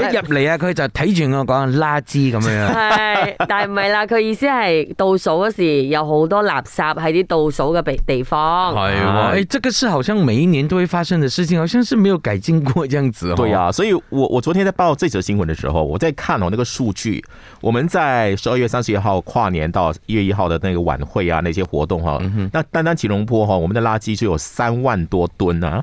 一入嚟啊，佢就睇住我講垃圾咁樣樣。係，但係唔係啦，佢意思係倒數嗰時候有好多垃圾喺啲倒數嘅地地方。係 啊，誒、欸，這個是好像每一年都會發生的事情，好像是沒有改進過這樣子。對啊，所以我我昨天在報這則新聞的時候，我在看我那個數據，我們在十二月三十一號跨年到一月一號的那個晚會啊，那些活動哈，嗯、哼那單單吉隆坡哈，我們的垃圾就有三萬多噸啊。